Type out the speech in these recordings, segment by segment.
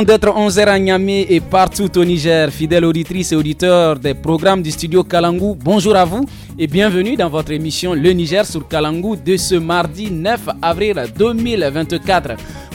d'être 11h à et partout au Niger. fidèle auditrice et auditeur des programmes du studio Kalangou, bonjour à vous et bienvenue dans votre émission Le Niger sur Kalangou de ce mardi 9 avril 2024.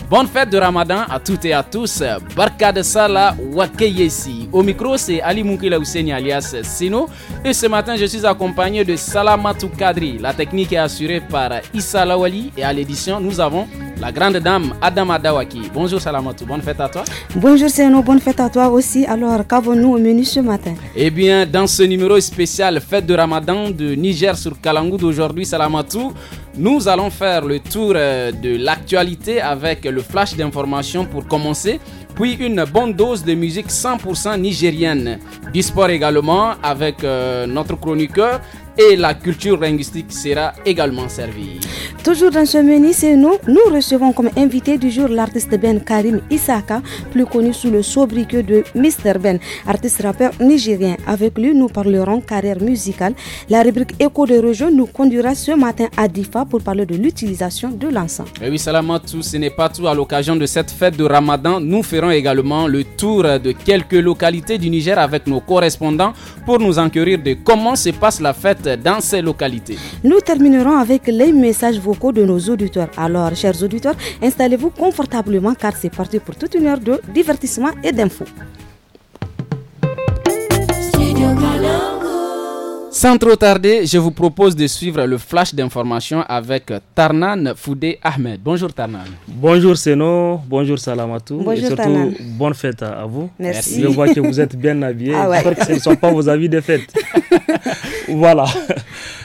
Bonne fête de Ramadan à toutes et à tous. Barka de Salah Wakeyesi. Au micro, c'est Ali Moukila Ouseni alias Sino. Et ce matin, je suis accompagné de Salamatou Kadri. La technique est assurée par Issa Lawali. Et à l'édition, nous avons la grande dame Adama Adawaki. Bonjour Salamatou, bonne fête à toi. Bonjour Sino, bonne fête à toi aussi. Alors, qu'avons-nous au menu ce matin Eh bien, dans ce numéro spécial Fête de Ramadan de Niger sur Kalangou d'aujourd'hui, Salamatou, nous allons faire le tour euh, de l'actualité avec le flash d'information pour commencer, puis une bonne dose de musique 100% nigérienne. Du sport également avec euh, notre chroniqueur et la culture linguistique sera également servie. Toujours dans ce menu, c'est nous. Nous recevons comme invité du jour l'artiste Ben Karim Isaka, plus connu sous le sobriquet de Mr. Ben, artiste rappeur nigérien. Avec lui, nous parlerons carrière musicale. La rubrique Écho de régions nous conduira ce matin à Difa pour parler de l'utilisation de l'encens. Et eh oui, Salamatou, ce n'est pas tout. À l'occasion de cette fête de Ramadan, nous ferons également le tour de quelques localités du Niger avec nos correspondants pour nous enquérir de comment se passe la fête dans ces localités. Nous terminerons avec les messages vocaux de nos auditeurs. Alors, chers auditeurs, installez-vous confortablement car c'est parti pour toute une heure de divertissement et d'infos. Sans trop tarder, je vous propose de suivre le flash d'information avec Tarnan Foudé Ahmed. Bonjour Tarnan. Bonjour Seno, bonjour Salamatou. Bonjour, et surtout, bonne fête à vous. Merci. Je vois que vous êtes bien habillés. Ah ouais. J'espère que ce ne sont pas vos avis de fête. voilà.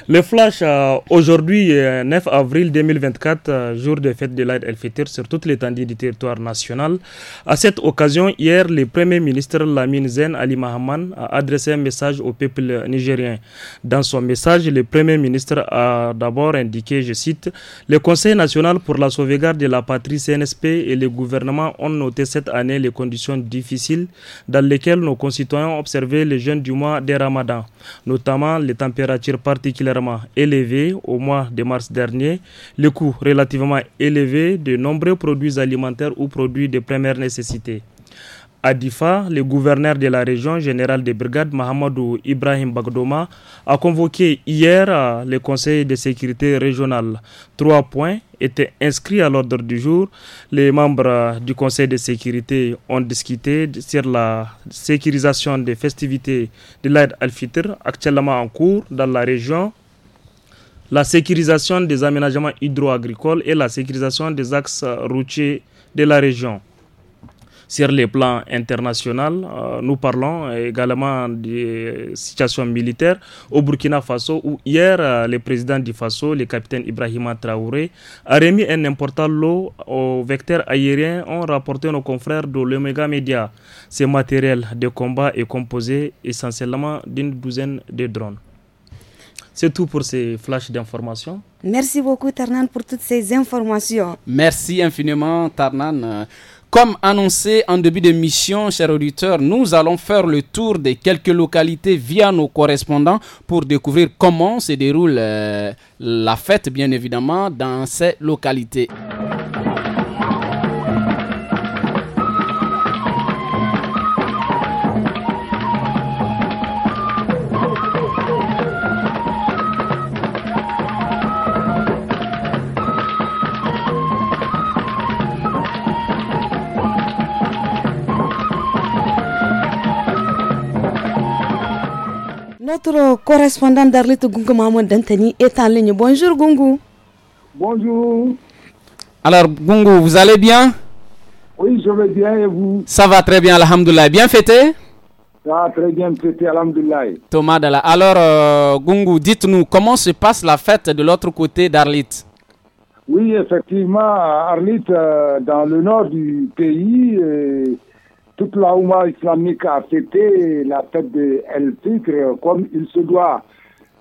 Le flash, euh, aujourd'hui, 9 euh, avril 2024, euh, jour de fête de l'Aïd el-Fitr sur toute l'étendue du territoire national. À cette occasion, hier, le Premier ministre Lamine Zen Ali Mahaman a adressé un message au peuple nigérien. Dans son message, le Premier ministre a d'abord indiqué, je cite, Le Conseil national pour la sauvegarde de la patrie CNSP et le gouvernement ont noté cette année les conditions difficiles dans lesquelles nos concitoyens ont observé les jeunes du mois des Ramadan notamment les températures particulièrement élevées au mois de mars dernier, le coût relativement élevé de nombreux produits alimentaires ou produits de première nécessité. À Difa, le gouverneur de la région général des brigades, Mahamadou Ibrahim Bagdoma, a convoqué hier euh, le Conseil de sécurité régional. Trois points étaient inscrits à l'ordre du jour. Les membres euh, du Conseil de sécurité ont discuté sur la sécurisation des festivités de l'aide al-Fitr actuellement en cours dans la région la sécurisation des aménagements hydro-agricoles et la sécurisation des axes euh, routiers de la région. Sur les plans international, euh, nous parlons également des situations militaires au Burkina Faso où hier euh, le président du Faso, le capitaine Ibrahima Traoré, a remis un important lot aux vecteurs aériens, ont rapporté nos confrères de l'Omega Media. Ce matériel de combat est composé essentiellement d'une douzaine de drones. C'est tout pour ces flashs d'informations. Merci beaucoup Tarnan pour toutes ces informations. Merci infiniment Tarnan. Comme annoncé en début de mission, chers auditeurs, nous allons faire le tour des quelques localités via nos correspondants pour découvrir comment se déroule euh, la fête, bien évidemment, dans ces localités. notre correspondant d'Arlit Gungu Mahmoud Dantani est en ligne. Bonjour Gungu. Bonjour. Alors Gungu, vous allez bien Oui, je vais bien et vous Ça va très bien, Alhamdoulilah. Bien fêté Ça va très bien, fêté, Alhamdoulilah. Thomas Dalla. Alors, euh, Gungu, dites-nous, comment se passe la fête de l'autre côté d'Arlit Oui, effectivement, Arlit, euh, dans le nord du pays, toute la Ouma islamique a fêté la fête de El Tigre comme il se doit.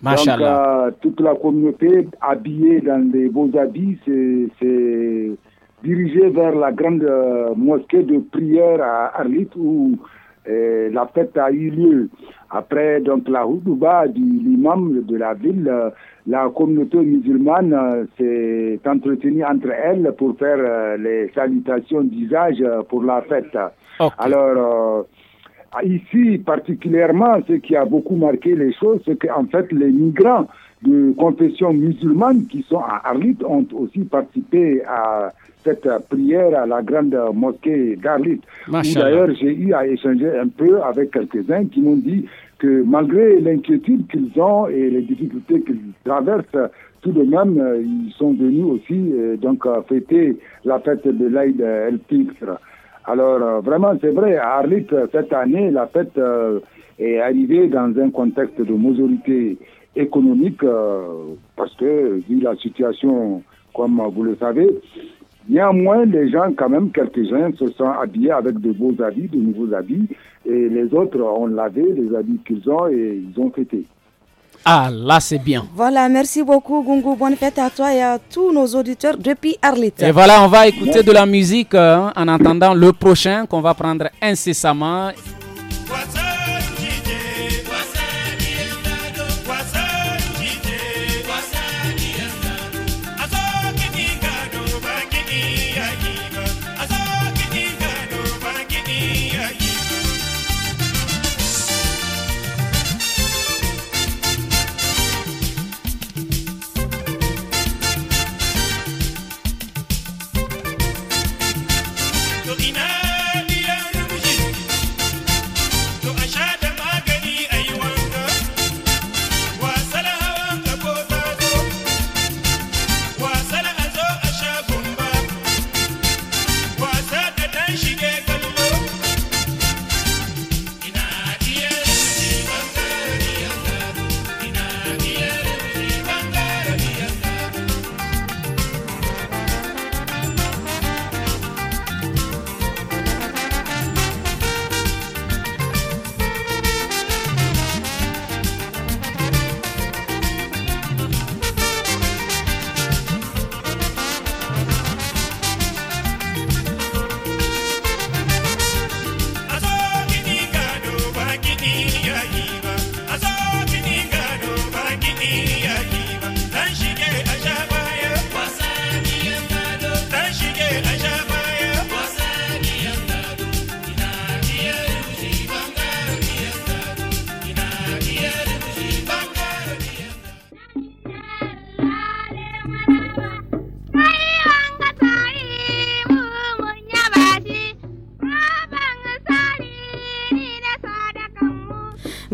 Donc, euh, toute la communauté habillée dans des beaux habits s'est dirigée vers la grande euh, mosquée de prière à Arlit où euh, la fête a eu lieu. Après donc la houdouba du l'imam de la ville, la communauté musulmane s'est entretenue entre elles pour faire les salutations d'usage pour la fête. Alors, euh, ici, particulièrement, ce qui a beaucoup marqué les choses, c'est qu'en fait, les migrants de confession musulmane qui sont à Arlit ont aussi participé à cette prière à la grande mosquée d'Arlit. D'ailleurs, j'ai eu à échanger un peu avec quelques-uns qui m'ont dit que malgré l'inquiétude qu'ils ont et les difficultés qu'ils traversent, tout de même, euh, ils sont venus aussi euh, donc fêter la fête de l'Aïd el-Fitr. Alors euh, vraiment, c'est vrai, à Arlit, euh, cette année, la fête euh, est arrivée dans un contexte de majorité économique, parce que vu la situation, comme vous le savez, Néanmoins, les gens, quand même, quelques-uns se sont habillés avec de beaux habits, de nouveaux habits, et les autres ont lavé les habits qu'ils ont et ils ont fêté. Ah là, c'est bien. Voilà, merci beaucoup Gungu. Bonne fête à toi et à tous nos auditeurs depuis Arlit. Et voilà, on va écouter de la musique hein, en attendant le prochain qu'on va prendre incessamment.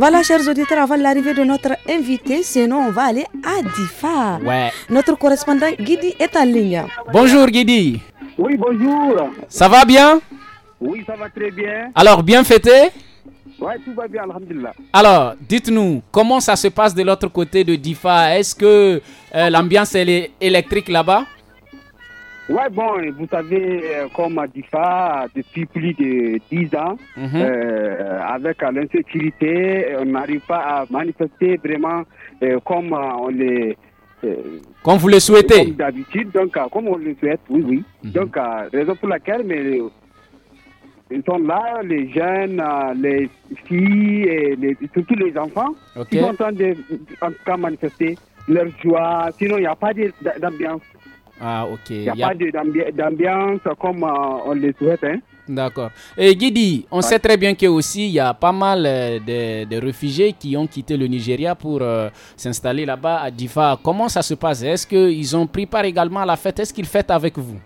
Voilà, chers auditeurs, avant l'arrivée de notre invité, sinon on va aller à Difa. Ouais. Notre correspondant Gidi est en ligne. Bonjour Gidi. Oui, bonjour. Ça va bien Oui, ça va très bien. Alors, bien fêté oui, tout va bien, Alhamdulillah. Alors, dites-nous, comment ça se passe de l'autre côté de Difa Est-ce que euh, l'ambiance l'ambiance est électrique là-bas Ouais, bon, vous savez, euh, comme a dit ça, depuis plus de 10 ans, mhm. euh, avec l'insécurité, on n'arrive pas à manifester vraiment euh, comme on les. souhaite comme vous le souhaitez. d'habitude, donc, comme on le souhaite, oui, oui. Mhm. Donc, raison pour laquelle, mais ils sont là, les jeunes, les filles, et les, surtout les enfants, ils qui sont en train de manifester leur joie. Sinon, il n'y a pas d'ambiance. Ah, ok. Il n'y a, pas d'ambiance comme euh, on le souhaite. Hein. D'accord. Et Guidi, on sait très bien qu'il il y a pas mal euh, de, de, réfugiés qui ont quitté le Nigeria pour euh, s'installer là-bas à Difa. Comment ça se passe Est-ce qu'ils ont pris part également à la fête Est-ce qu'ils fêtent avec vous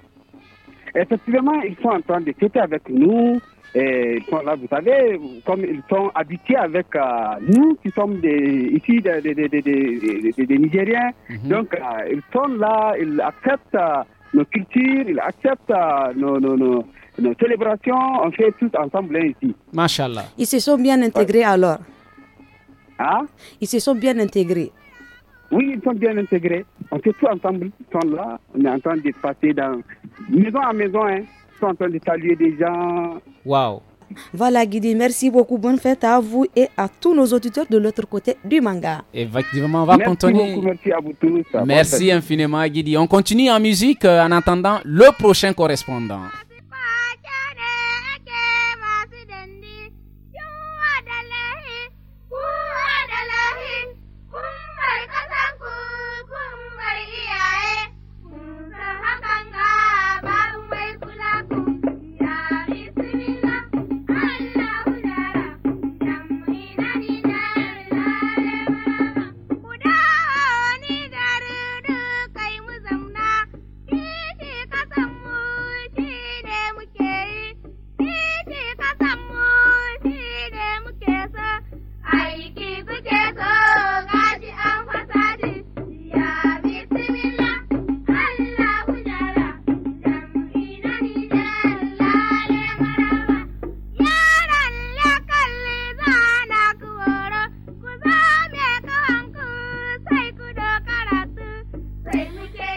Effectivement, ils sont en train de fêter avec nous. Et ils sont là, vous savez, comme ils sont habitués avec euh, nous qui sommes des, ici des, Nigériens. Mhm. Donc, euh, ils sont là, ils acceptent euh, nos cultures, ils acceptent nos, nos, célébrations. On fait tout ensemble ici. Ils se sont bien intégrés alors. Ah? Ils se sont bien intégrés. Oui, ils sont bien intégrés. On fait tout ensemble. Ils sont là. On est en train de passer dans maison à maison. Hein. Ils sont en train de saluer des gens. Waouh. Voilà Guidi, merci beaucoup. Bonne fête à vous et à tous nos auditeurs de l'autre côté du manga. Effectivement, on va merci continuer. à vous tous. Merci infiniment Guidi. On continue en musique euh, en attendant le prochain correspondant.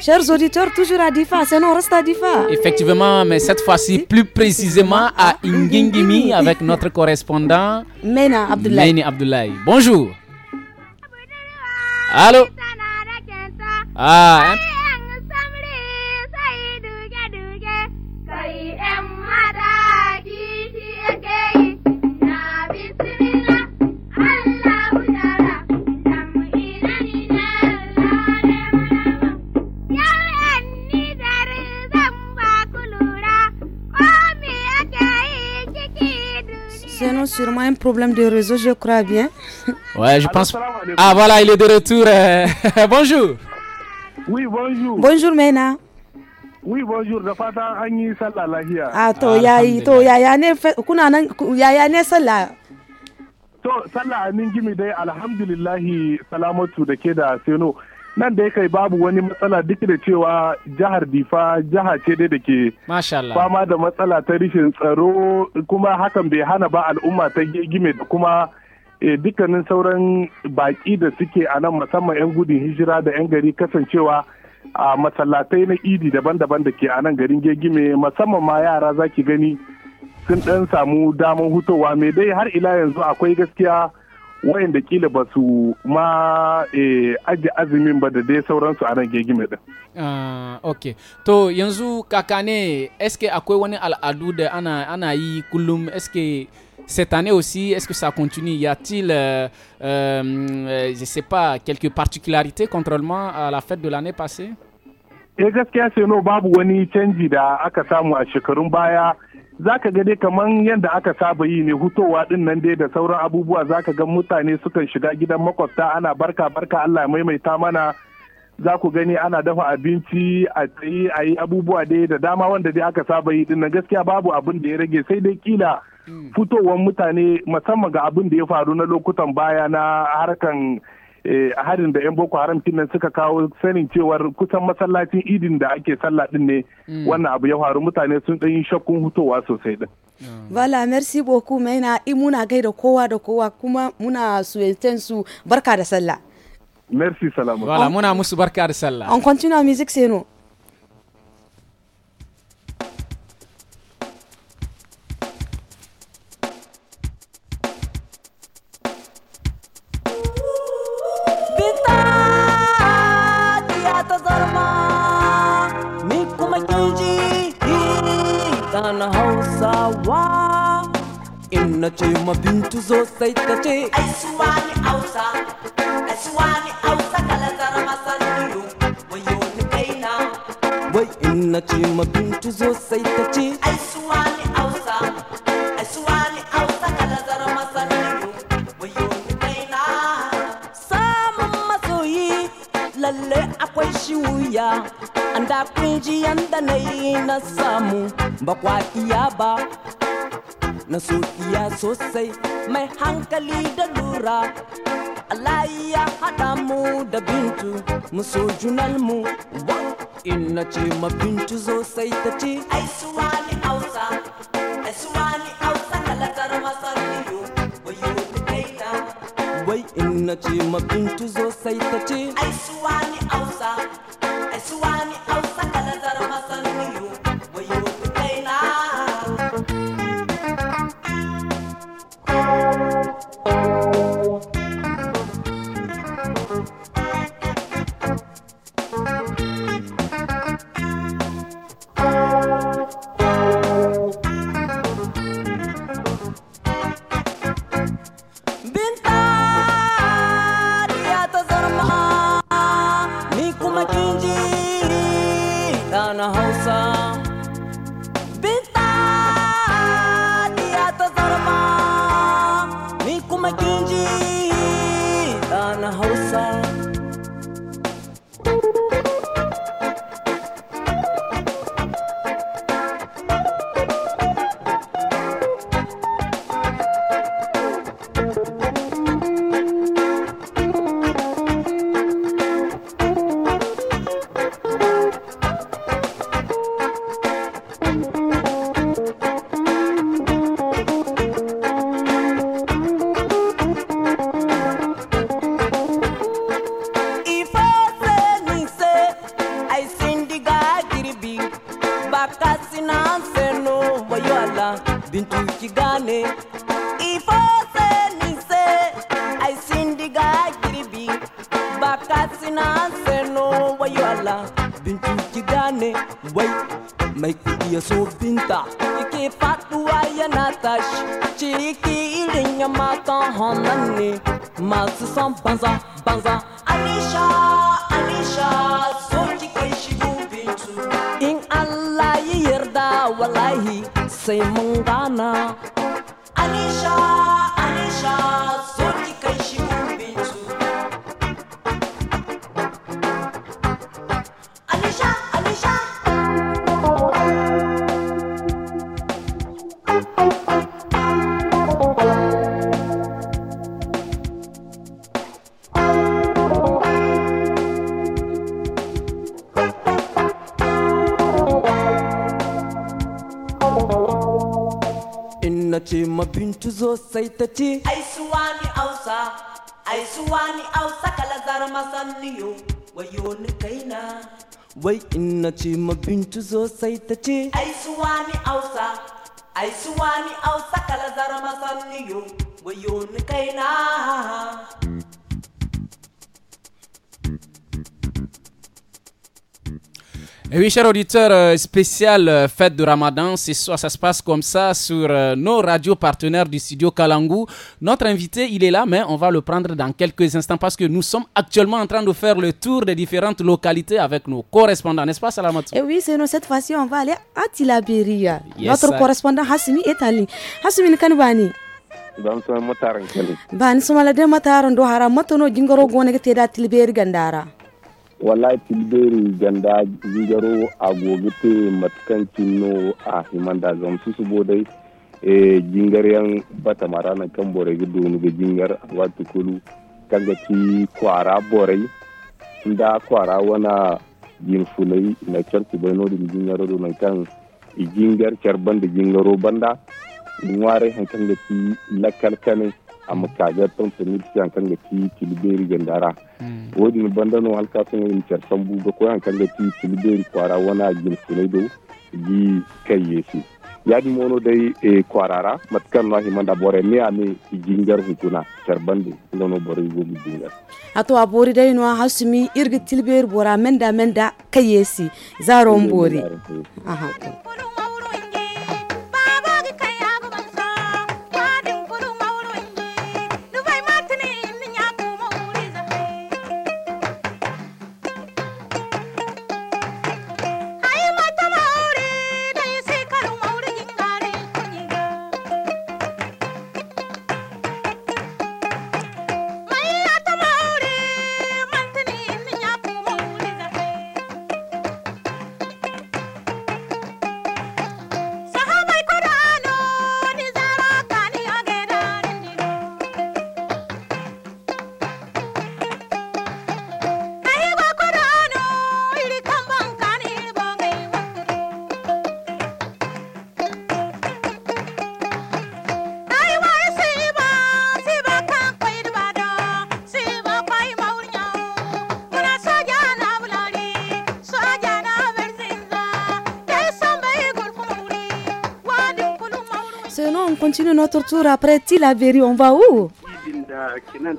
Chers auditeurs, toujours à Difa, sinon on reste à Difa. Effectivement, mais cette fois-ci, plus précisément à Ingingimi avec notre correspondant Mena Abdoulaye. Mena Abdoulaye. Bonjour. Allô Ah, hein? sûrement un problème de réseau, je crois bien. Ouais, je pense. Ah voilà, il est de retour. Euh, bonjour. Oui, bonjour. Bonjour, Mena. Oui, bonjour, da fata to To salamatu nan da ya kai babu wani matsala duk da cewa jihar difa jiha ce dai da ke fama da matsala ta rishin tsaro kuma hakan bai hana ba al'umma ta gime da kuma eh, dukkanin sauran baki da suke a nan musamman 'yan gudun hijira da 'yan gari kasancewa a masallatai na idi daban-daban da ke a nan garin gegime musamman ma yara za ki gani sun dan samu damar hutowa mai dai har ila yanzu akwai gaskiya da kila ba su ma eh, aje azumin ba da dai sauransu a ran gegime din. Ah, ok to yanzu kakane eske akwai wani al'adu da ana, ana yi kullum eske cette année aussi est-ce que ça continue y a-t-il euh, euh, je sais pas quelques particularités contrairement à la fête de l'année passée eh gaskiya sai babu wani canji da aka samu a shekarun baya zaka ga dai kamar yadda aka saba yi ne hutowa din nan dai da sauran abubuwa zaka ga mutane sukan shiga gidan makwabta ana barka barka Allah maimaita mana za ku gani ana dafa abinci a tsaye a yi abubuwa dai da dama wanda dai aka saba yi din gaskiya babu abin da ya rage sai dai kila hmm. fitowar mutane musamman ga abin da ya faru na lokutan baya na harkan Eh, a harin da 'yan boko haram nan suka kawo sanin cewar kusan masallacin idin da ake sallah din ne mm. wannan abu ya faru mutane sun ɗan yi shakkun hutowa sosai din. Mm. Vala merci beaucoup maina muna gaida kowa da kowa kuma muna suwelten su barka da sallah. Merci salamu. Voilà, muna musu barka da sallah. On continue music c'est nous. na ce ma bintu zo sai ta ce ai suwa ni hausa ai suwa ni kala zara masanu wayo ni kaina wai in na ce ma bintu zo sai ta ce ai suwa ni hausa ai suwa ni kala zara masanu wayo ni kaina samun masoyi lalle akwai shi wuya an da kunji yanda na na samu bakwa kiyaba. na sokiya sosai mai hankali da lura Allah ya haɗa mu da bintu mu so junanmu in na ce ma bintu zo sai ta ce ai suwa ni hausa ai suwa ni hausa halatar masar biyu wayo ta wai in na ce ma bintu zo sai ta ce ai suwa ni hausa ai suwa ni na ce mabintu zo sai ta ce ai ni ausa ai suwa ni ausa kalazar masanniyo wayo ni kaina wai in ce mabintu zo sai ta ce ai ni ausa I ai suwani au sakala zara masaniyo wayoni kaina Et eh oui, chers auditeurs, euh, spécial euh, fête de Ramadan, c'est ça, ça se passe comme ça sur euh, nos radios partenaires du studio Kalangu. Notre invité, il est là, mais on va le prendre dans quelques instants parce que nous sommes actuellement en train de faire le tour des différentes localités avec nos correspondants, n'est-ce pas, Salamatou Et eh oui, c'est nous, cette fois-ci, on va aller à Tilabiria. Notre correspondant Hassimi est allé. Hassimi Kanbani, ban so de mataran do wallahi tilberi ganda jigaro a te matukan cinno a da zamsu su su bodai e jingar yan bata na kan borai donu ga jingar wata kulu kan ga ci kwara borai da kwara wana jin fulai na kyarku bai nodin jingar na kan jingar kyar banda jingaro banda in ware hankan ga ci lakalkanin amma kaga ton tenir ti an kanga ti tilberi gendara hmm. wodi ni bandano halka sun ni cer sambu ga ko an kanga ti tilberi kwara wana gin sunaido gi ya yadi mono dai e kwarara matkan no da bore ne ame jingar hukuna charbande nono bore go jingar ato abori dai no hasumi irga tilber bora menda menda kayesi zaron bori aha notre tour après Tilaberi. On va où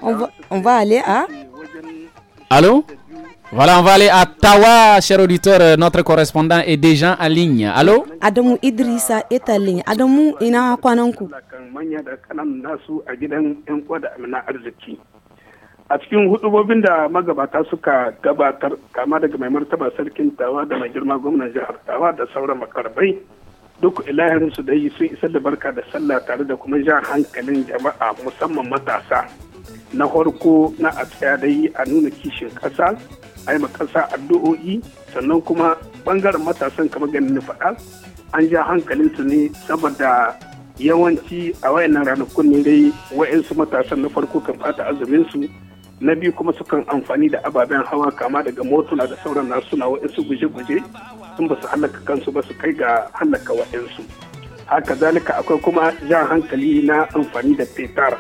on va, on va aller à. Allô voilà, on va aller à Tawa, cher auditeur. Euh, notre correspondant est déjà en ligne. Allô Adamu Idrissa est en ligne. Adamu, ina kwananku. A cikin hudubobin da magabata suka gabatar kama daga mai martaba sarkin tawa da mai girma gwamnan jihar tawa da sauran makarbai duk ilahirin su dai sun isa da barka da sallah tare da kuma jan hankalin jama'a musamman matasa na farko na a tsaya a nuna kishin ƙasa a yi ƙasa addu'o'i sannan kuma bangaren matasan kamar ganin na faɗa an ja su ne saboda yawanci a wayannan ranakun ne dai wa'insu matasan na farko kan fata azumin su na biyu kuma sukan amfani da ababen hawa kama daga motuna da sauran nasu na wa'insu guje-guje sun basu su kansu ba su kai ga hallaka wa'yansu haka zalika akwai kuma jan hankali na amfani da fetar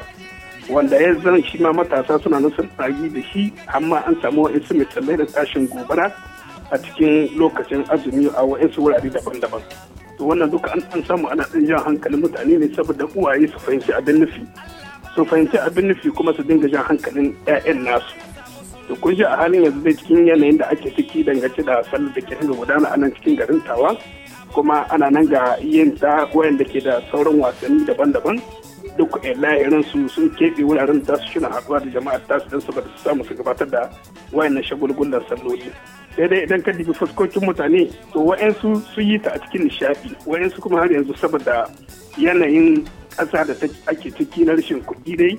wanda ya zan shi ma matasa suna nan sun tsagi da shi amma an samu wa'yansu misalai da tashin gobara a cikin lokacin azumi a waɗansu wurare daban-daban to wannan duka an samu ana ɗan jan hankalin mutane ne saboda uwaye su fahimci abin nufi su fahimci abin nufi kuma su dinga jan hankalin 'ya'yan nasu to kun a halin yanzu dai cikin yanayin da ake ciki dangance da sallar da ke gudana a nan cikin garin tawa kuma ana nan ga yin ta wayanda ke da sauran wasanni daban-daban duk lahirin su sun keɓe wuraren da su shina haɗuwa da jama'ar tasu don saboda su samu su gabatar da wayannan shagulgulan salloli sai dai idan ka dibi fuskokin mutane to wa'yansu su yi ta a cikin nishaɗi wa'ansu kuma har yanzu saboda yanayin ƙasa da ake ciki na rashin kuɗi dai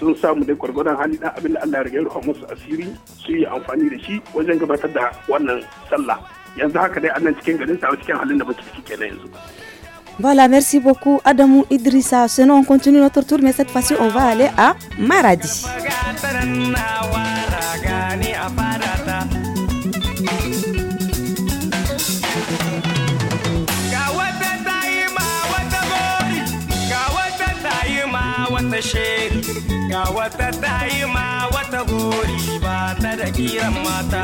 sun samu dai gwargwadon hali dan abin da Allah ya rage ruwa musu asiri su yi amfani da shi wajen gabatar da wannan sallah yanzu haka dai annan cikin garin sa cikin halin da baki ciki kenan yanzu Voilà, merci beaucoup Adamou Idrissa. Sinon, on continue notre tour, mais cette fois-ci, on va aller à Maradi. shade ga wata ta wata gori ba ta da kiran mata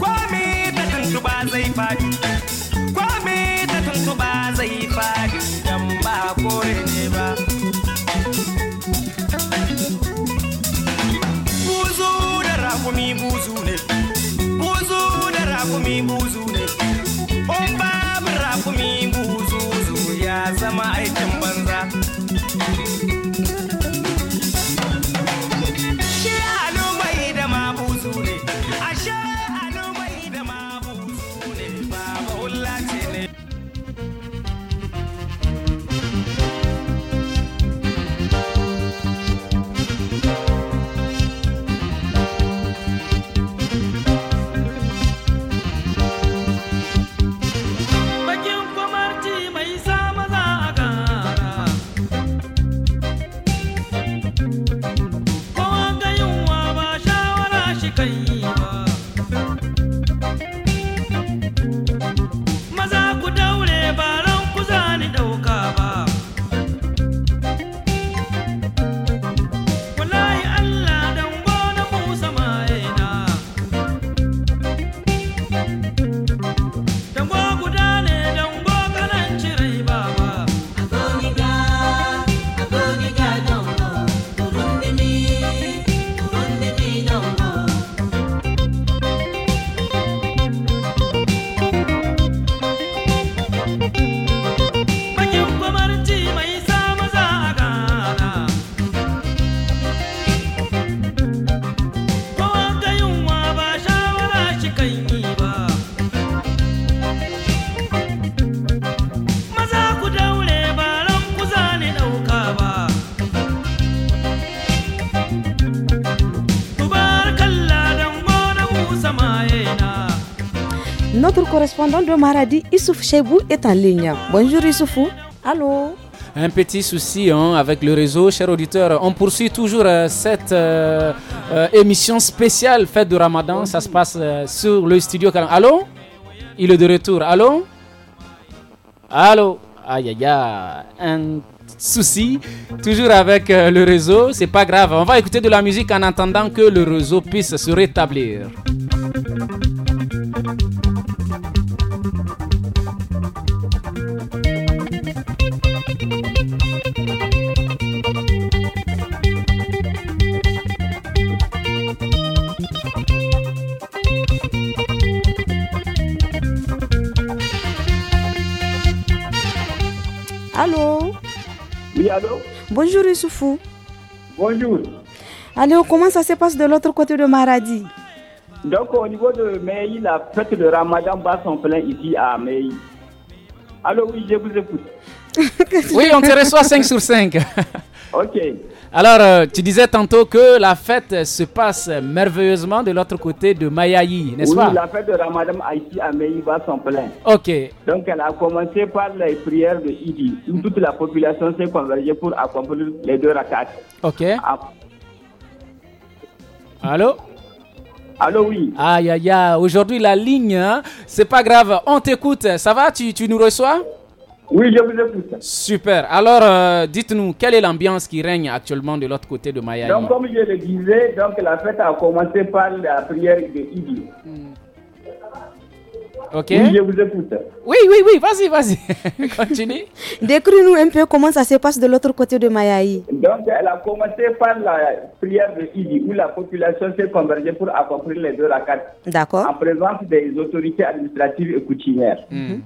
kwame ta tuntu ba zai faɗi kwame ta tuntu ba zai faɗi dan ba kore ne ba buzu da rakumi buzu ne buzu da rakumi buzu correspondant de Maradi, Issouf Chebou, est en ligne. Bonjour Issoufou. Allô un petit souci hein, avec le réseau, cher auditeur. On poursuit toujours euh, cette euh, euh, émission spéciale fête de Ramadan. Ça se passe sur le studio. Allô Il est de retour. Allô Allô Aïe aïe aïe. Un souci, toujours avec le réseau. C'est pas grave. On va écouter de la musique en attendant que le réseau puisse se rétablir. Allô Oui, allô Bonjour Issoufou. Bonjour. Allô, comment ça se passe de l'autre côté de Maradi Donc, au niveau de Meï, la fête de Ramadan bat son plein ici à Meï. Allô, oui, je vous écoute. oui, on te reçoit 5 sur 5. Ok. Alors, euh, tu disais tantôt que la fête se passe merveilleusement de l'autre côté de Mayaï, n'est-ce pas? Oui, la fête de Ramadan ici à Mayaï va s'en plein. Ok. Donc, elle a commencé par les prières de Idi, où toute la population s'est convergée pour accomplir les deux rakats. Ok. Ah. Allô? Allô, oui. Aïe, aïe, aïe. Aujourd'hui, la ligne, hein, c'est pas grave. On t'écoute. Ça va? tu nous reçois? Oui, je vous écoute. Super. Alors, euh, dites-nous, quelle est l'ambiance qui règne actuellement de l'autre côté de Mayaï Donc, comme je le disais, donc, la fête a commencé par la prière de Idi. Hmm. Ok. Oui, je vous écoute. Oui, oui, oui, vas-y, vas-y. Continue. Décris-nous un peu comment ça se passe de l'autre côté de Mayaï. Donc, elle a commencé par la prière de Idi, où la population s'est convergée pour accomplir les deux racades. D'accord. En présence des autorités administratives et coutumières. Hmm.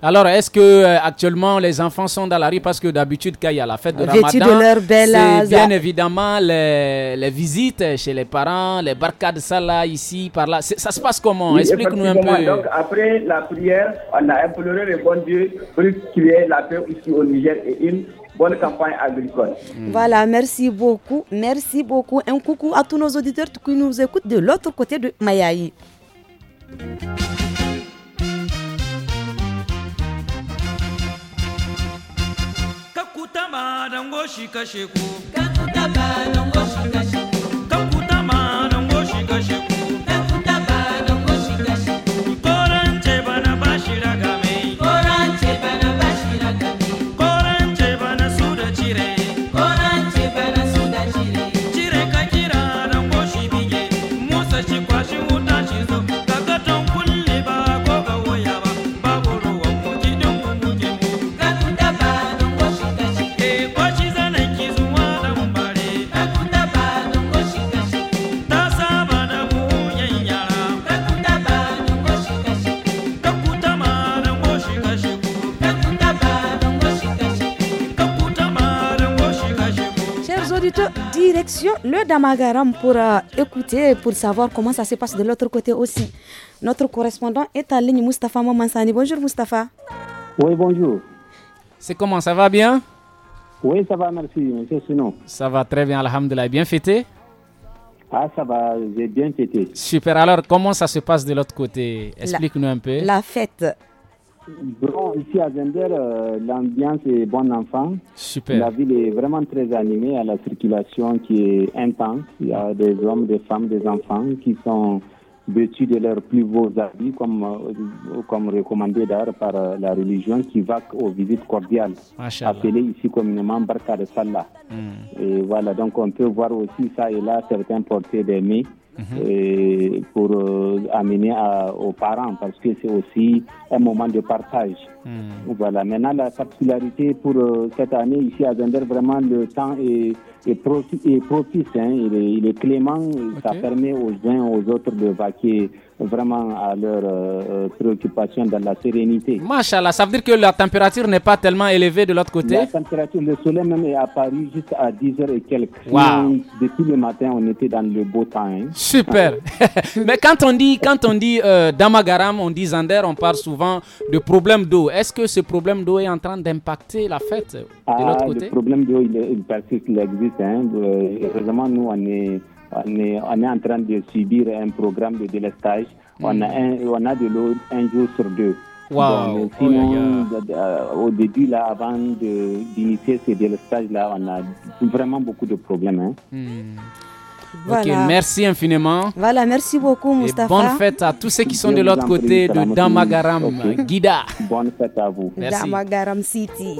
Alors, est-ce que euh, actuellement les enfants sont dans la rue parce que d'habitude quand il y a la fête de la Ramadan, c'est bien évidemment les, les, visites chez les parents, les barcades ça là ici par là. Ça se passe comment Explique-nous un peu. Donc après la prière, on a imploré le bon Dieu pour qu'il y ait la paix ici au Niger et une bonne campagne agricole. Hmm. Voilà, merci beaucoup, merci beaucoup. Un coucou à tous nos auditeurs qui nous écoutent de l'autre côté de Mayaï. ba dango shi kashe ku. Kan ba dango shi kashe le Damagaram pour écouter, pour savoir comment ça se passe de l'autre côté aussi. Notre correspondant est à ligne, Moustapha Mamansani. Bonjour Moustapha. Oui, bonjour. C'est comment, ça va bien Oui, ça va, merci, Ça va très bien, Alhamdulillah. Bien fêté Ah, ça va, j'ai bien fêté. Super, alors comment ça se passe de l'autre côté Explique-nous un peu. La fête. Bon, ici à Zender, euh, l'ambiance est bonne enfant. La ville est vraiment très animée à la circulation qui est intense. Il y a des hommes, des femmes, des enfants qui sont vêtus de leurs plus beaux habits, comme, euh, comme recommandé d'ailleurs par euh, la religion, qui va aux visites cordiales, appelées ici communément Barka de Salah. Hmm. Et voilà, donc on peut voir aussi ça et là certains porter des mets. Mhm. pour euh, amener aux parents parce que c'est aussi un moment de partage. Hmm. Voilà. Maintenant, la particularité pour euh, cette année ici à Zender, vraiment le temps est, est, propice, hein. il, est, clément, ça permet aux uns aux autres de vaquer vraiment à leur euh, euh, préoccupation dans la sérénité. Machallah, ça veut dire que la température n'est pas tellement élevée de l'autre côté La température, le soleil même est apparu juste à 10h et quelques. Depuis le matin, on était dans le beau temps. Hein. Super. Ah Mais quand on dit, quand on dit euh, Damagaram, on dit Zander, on parle souvent de problèmes d'eau. Est-ce que ce problème d'eau est en train d'impacter la fête de l'autre ah, côté Le problème d'eau, il, persiste, il existe. Hein. nous, on est on est, en train de subir un programme de délestage. Hmm. On, a on a de l'eau un jour sur deux. Wow. Oh euh, au début, là, avant d'initier ce délestage là on a vraiment beaucoup de problèmes. Hein. Hmm. merci infiniment. Voilà, merci beaucoup, Moustapha. bonne fête à tous ceux qui sont de l'autre côté de Damagaram, Guida. Bonne fête à vous. Merci. Damagaram City.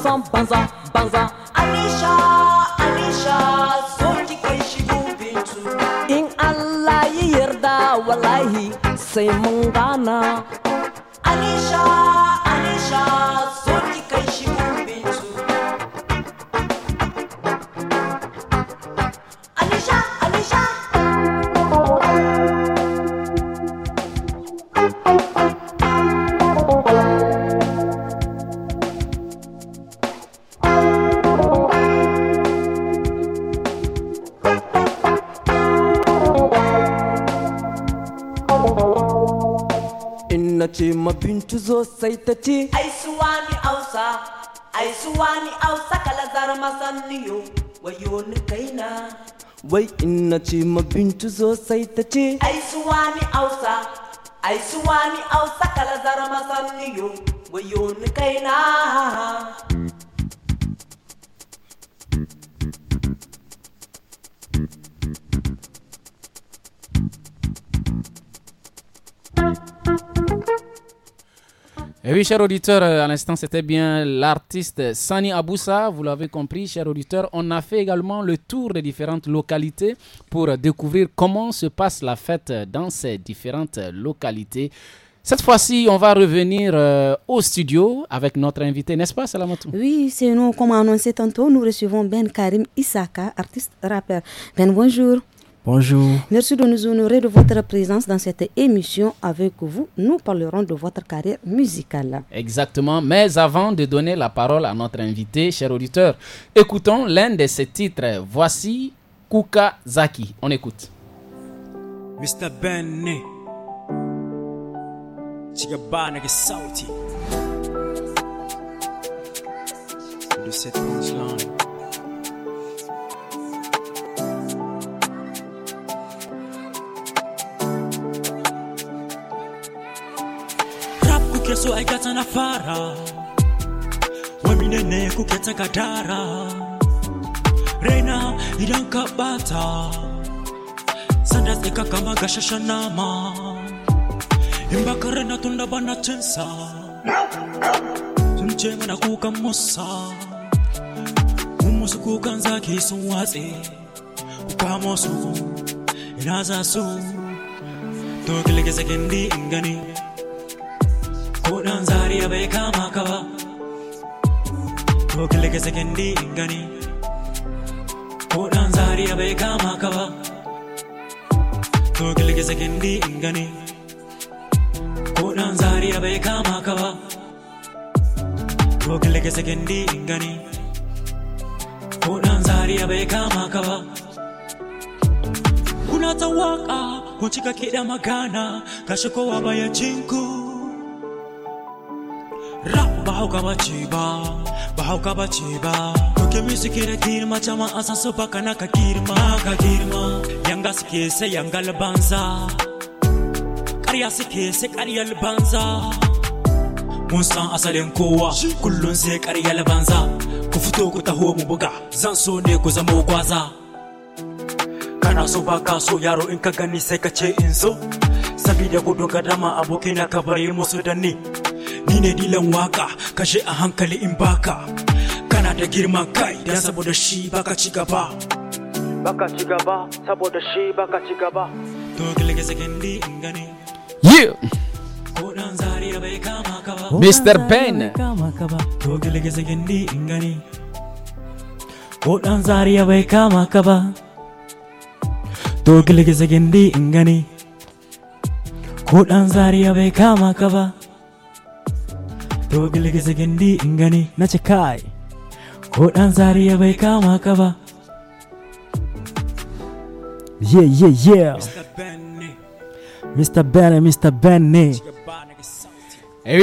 sambanza sanniyo yo wayo ni kaina wai in na ce ma bintu sosai ta ce ai suwa ni ausa ai suwa ni ausa kala zara sanniyo wayo ni kaina oui, chers auditeurs, euh, à l'instant, c'était bien l'artiste Sani Aboussa. Vous l'avez compris, cher auditeur, on a fait également le tour des différentes localités pour découvrir comment se passe la fête dans ces différentes localités. Cette fois-ci, on va revenir euh, au studio avec notre invité, n'est-ce pas, Salamatou Oui, c'est nous, comme annoncé tantôt, nous recevons Ben Karim Isaka, artiste rappeur. Ben, bonjour. Bonjour. Merci de nous honorer de votre présence dans cette émission. Avec vous, nous parlerons de votre carrière musicale. Exactement, mais avant de donner la parole à notre invité, cher auditeur, écoutons l'un de ses titres. Voici Kuka Zaki. On écoute. Mr. De cette so I got aikata nafara weminene kuketa kadara rena ilankabata seka kama gashashanama imbakarena tundabana tensa na kukan musa musu kukan zaki sun watse kamo su ina za su to kilgisa gindi in ko dan zariya bai kama ka ba ko kalle ka sakandi in gani ko dan zariya bai kama ka ba ko kalle ka sakandi in gani ko dan zariya bai kama ka ba ko kalle ka sakandi in gani ko dan zariya bai kama ka ba kuna ta waka ku cika kiɗa magana kashe kowa baya cinku rap ba hauka bace ba ba hauka bace ba doke mi suke da girma jama'a san su baka na ka girma ka girma yanga suke sai yangal banza ƙarya suke sai ƙaryar banza mun san asalin kowa kullun sai karya banza ku fito ku taho mu buga zan so ne ku zama gwaza kana so ba ka so yaro in ka gani sai ka ce in so sabida gudun dama abokina ka bari musu danni ni ne dilan waka kashe a hankali in baka kana da girman kai da saboda shi baka ci gaba baka ci gaba saboda shi baka ci gaba to kilge sakindi in gane yeah Mr. Ben ko dan zariya bai kama ka ba to kilge sakindi in gane ko dan zariya bai kama ka ba et oui,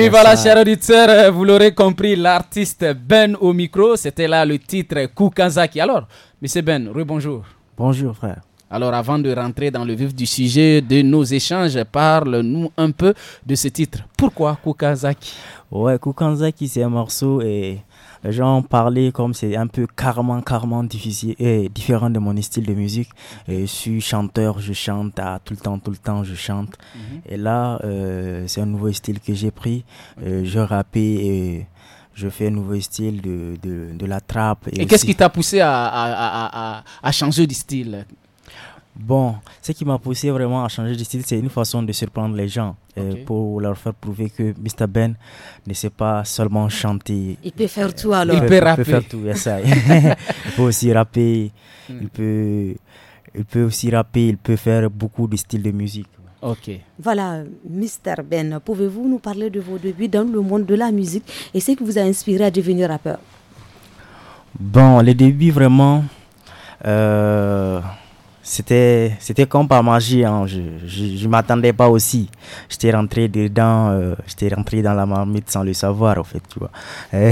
voilà, chers auditeurs, vous l'aurez compris, l'artiste Ben au micro, c'était là le titre Kukazaki. Alors, monsieur Ben, rebonjour. Bonjour, frère. Alors, avant de rentrer dans le vif du sujet de nos échanges, parle-nous un peu de ce titre. Pourquoi Kukanzaki Ouais, qui c'est un morceau et les gens parlé comme c'est un peu carrément, carrément difficile et différent de mon style de musique. Et je suis chanteur, je chante tout le temps, tout le temps, je chante. Mhm. Et là, euh, c'est un nouveau style que j'ai pris. Euh, je rappe et je fais un nouveau style de, de, de la trappe. Et, qu'est-ce qui t'a poussé à, à, à, à, changer de style Bon, ce qui m'a poussé vraiment à changer de style, c'est une façon de surprendre les gens euh, pour leur faire prouver que Mr. Ben ne sait pas seulement chanter. Il peut faire tout alors. Il, peut, rapper. faire tout, il peut aussi rapper. Hmm. Il, peut, il peut aussi rapper. Il peut faire beaucoup de styles de musique. Ok. Voilà, Mr. Ben, pouvez-vous nous parler de vos débuts dans le monde de la musique et ce qui vous a inspiré à devenir rappeur Bon, les débuts vraiment. Euh, c'était comme par magie hein. je je, m'attendais pas aussi j'étais rentré dedans euh, j'étais rentré dans la marmite sans le savoir en fait tu vois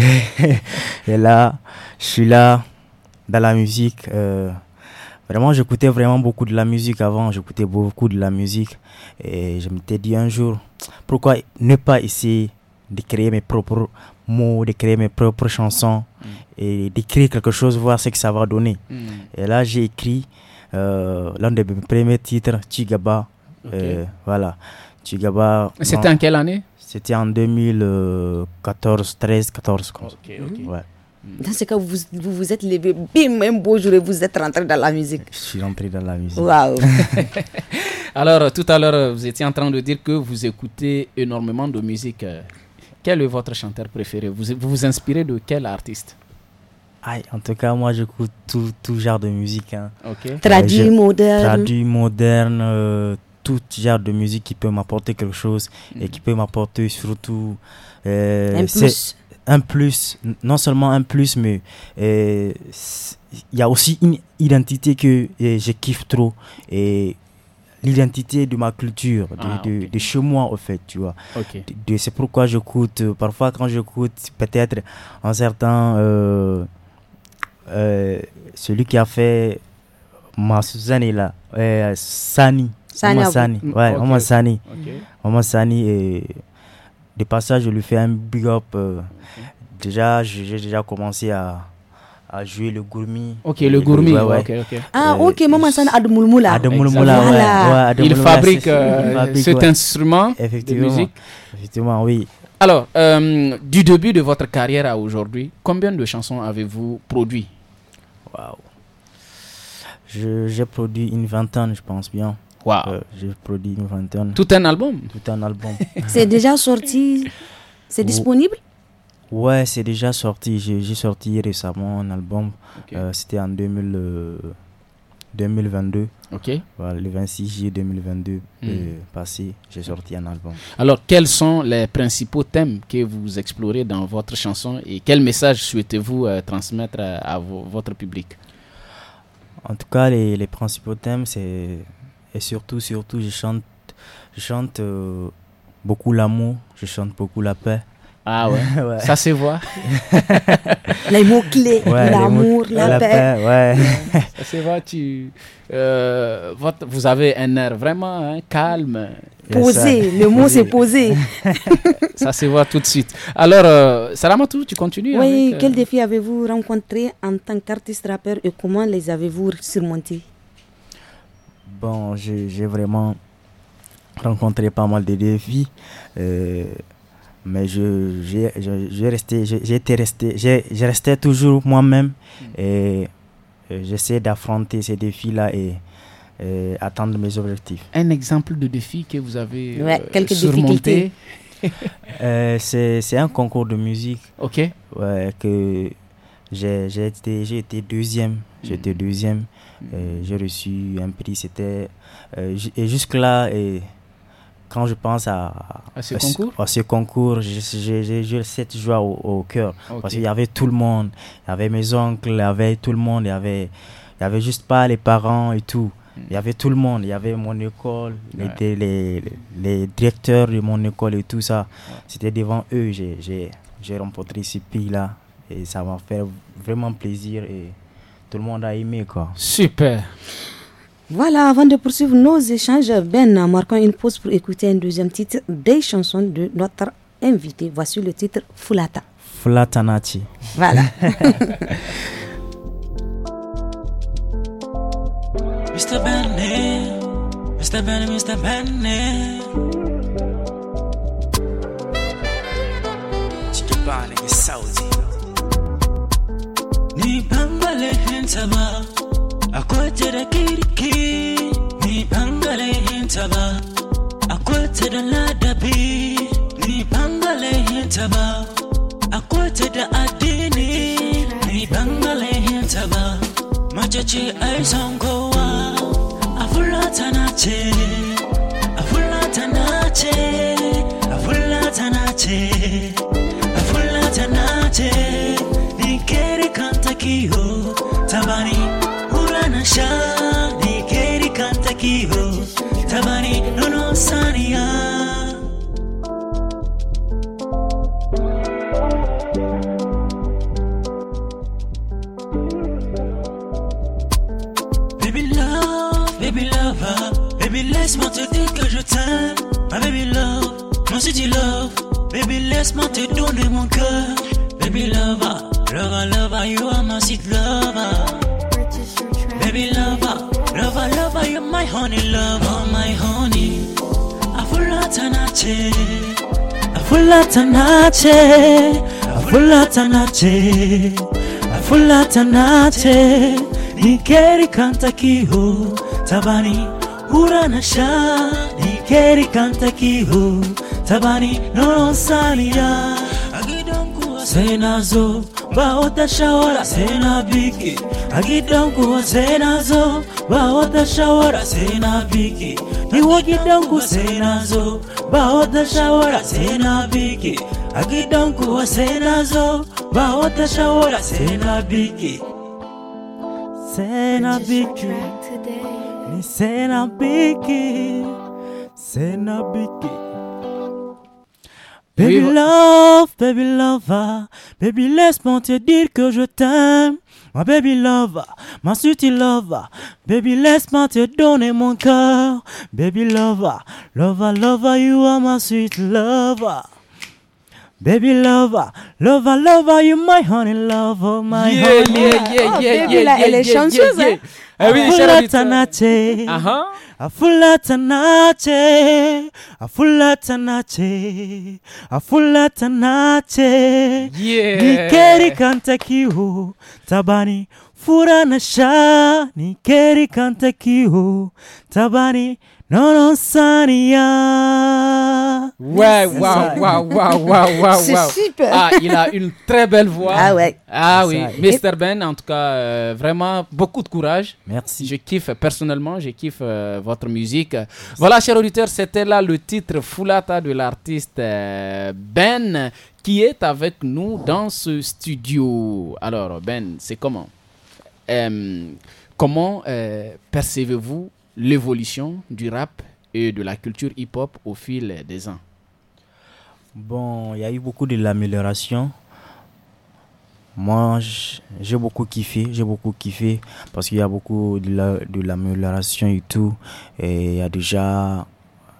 et, là je suis là dans la musique euh, vraiment j'écoutais vraiment beaucoup de la musique avant j'écoutais beaucoup de la musique et je me suis dit un jour pourquoi ne pas essayer de créer mes propres mots, de créer mes propres chansons mm. et d'écrire quelque chose, voir ce que ça va donner. Mm. Et là, j'ai écrit euh, l'un des premiers titres, Chigaba. Euh, voilà. Chigaba. C'était en quelle année C'était en 2014, 13, 14. quoi. Dans ce cas, vous vous, êtes levé, bim, un beau jour, et vous êtes rentré dans la musique. Je suis rentré dans la musique. Waouh! Alors, tout à l'heure, vous étiez en train de dire que vous écoutez énormément de musique. Quel est votre chanteur préféré vous vous inspirez de quel artiste en tout cas, moi, j'écoute tout, tout genre de musique. Hein. Euh, Traduit, moderne. Traduit, moderne, euh, tout genre de musique qui peut m'apporter quelque chose et mhm. qui peut m'apporter surtout. Euh, un plus. Un plus, non seulement un plus, mais il y a aussi une identité que je kiffe trop. Et l'identité de ma culture, de, ah, de, chez moi, au fait, tu vois. c'est pourquoi j'écoute, parfois quand j'écoute, peut-être un certain... Euh, celui qui a fait ma Suzanne là, euh, Sani. Sani. Sani. Mm, ouais, Sani. Sani. Et de passage, je lui fais un big up. Euh, déjà, j'ai déjà commencé à, à jouer le gourmi. Ok, le gourmi. Ouais, Ah, ok, Maman Sani Ademoulmoula ouais il fabrique cet instrument de musique. Effectivement, oui. Alors, du début de votre carrière à aujourd'hui, combien de chansons avez-vous produit j'ai produit une vingtaine, je pense bien. Quoi euh, j'ai produit une vingtaine. Tout un album Tout un album. c'est déjà sorti C'est disponible Ouais, c'est déjà sorti. J'ai sorti récemment un album. Euh, c'était en 2000. 2022. Ok. le 26 juillet 2022 euh, hmm. passé, j'ai sorti un album. Alors, quels sont les principaux thèmes que vous explorez dans votre chanson et quel message souhaitez-vous euh, transmettre à, votre public En tout cas, les, principaux thèmes, c'est. Et surtout, surtout, je chante, je chante euh, beaucoup l'amour, je chante beaucoup la paix. Ah ouais. Ça se voit. les mots-clés, l'amour, la, paix. ouais. Ça se voit. Tu, euh, vous avez un air vraiment hein, calme. Posé, le mot c'est posé. ça se voit tout de suite. Alors, euh, Salamatou, tu continues Oui, euh, quel avez-vous rencontré en tant qu'artiste rappeur et comment les avez-vous surmontés Bon, j'ai vraiment rencontré pas mal de défis. Euh, mais je, j'ai, je, je resté, j'étais resté, je restais toujours moi-même mm. et, j'essaie d'affronter ces défis-là et, et, atteindre mes objectifs. Un exemple de défi que vous avez euh, surmonté euh, c'est, un concours de musique. Ok. que j'ai, été, deuxième. J'étais mm. deuxième. Mm. j'ai reçu un prix. C'était. Euh, et jusque-là. Et, quand je pense à, ce concours, j'ai cette joie au, cœur. Parce qu'il y avait tout le monde. Il y avait mes oncles, il y avait tout le monde. Il n'y avait, il y avait juste pas les parents et tout. Hmm. Il y avait tout le monde. Il y avait mon école, les, les, directeurs de mon école et tout ça. C'était devant eux. J'ai remporté ce prix là Et ça m'a fait vraiment plaisir. Et tout le monde a aimé. quoi. Super. Voilà, avant de poursuivre nos échanges, Ben, marquons une pause pour écouter un deuxième titre des chansons de notre invité. Voici le titre Fulata. Fulata Nati. Voilà. Mr. akwai ta da ni Bangale ta ba akwai ta da ladabi ni Bangale ta ba akwai ta da ni Bangale ta ba mace ce ai son kowa a fura tana ce a fura tana ce a ni kere kan takiyo tabani 謝に蹴り勝った気をたまにののさにあ Afulatanache, afulatanache, afulatanache Nikeri kantakiho tabani uranasha Nikeri kantakiho tabani nonosalia Senazo baotashawara senabiki agidangu senazo baotashawara senabiki niwogidangu senazo ba wata shawara sai na bike a gidan kuwa na shawara na Baby love, baby lover, baby laisse-moi te dire que je t'aime. My baby lover, ma sweetie lover, baby laisse-moi te donner mon cœur. Baby lover, lover, lover, you are my sweet lover. Baby lover, lover, lover, you my honey lover, my honey. oui, Afula tanache. Uh uh-huh. Afula tanache. Afula tanache. Afula tanache. Yeah. Nikeri kanta kiho. Tabani furanasha. Nikeri kanta kiho. Tabani Non, non, Sania. Ouais, waouh, waouh, waouh, waouh, waouh. C'est super. Ah, il a une très belle voix. Ah ouais. Ah oui, Mr. Ben, en tout cas, euh, vraiment beaucoup de courage. Merci. Je kiffe personnellement, je kiffe euh, votre musique. Voilà, chers auditeurs, c'était là le titre Fulata de l'artiste euh, Ben qui est avec nous dans ce studio. Alors, Ben, c'est comment Comment percevez-vous l'évolution du rap et de la culture hip-hop au fil des ans Bon, il y a eu beaucoup de l'amélioration. Moi, j'ai beaucoup kiffé, j'ai beaucoup kiffé parce qu'il y a beaucoup de l'amélioration et tout. Et il y a déjà